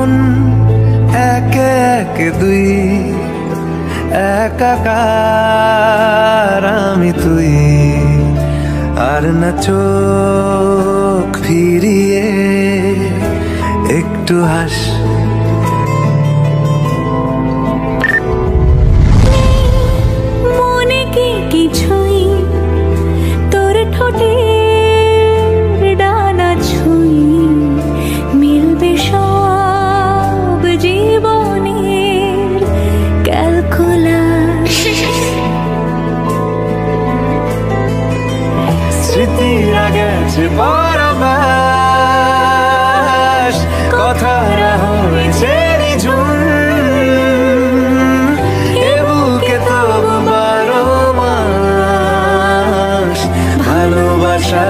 মন এক এক দুই একাকার আমি তুই আর না চোখ ফিরিয়ে একটু হাস খোলা স্মৃতি গেছে পরমাস কথারা হয়েছে ভালোবাসা